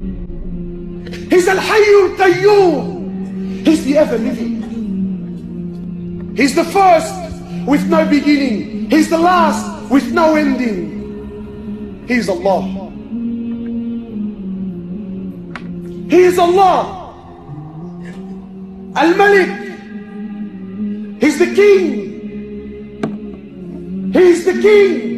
He's Al Hayyul Qayyum. He's the ever living. He's the first with no beginning. He's the last with no ending. He's Allah. He is Allah, Al Malik. He's the King. He's the King.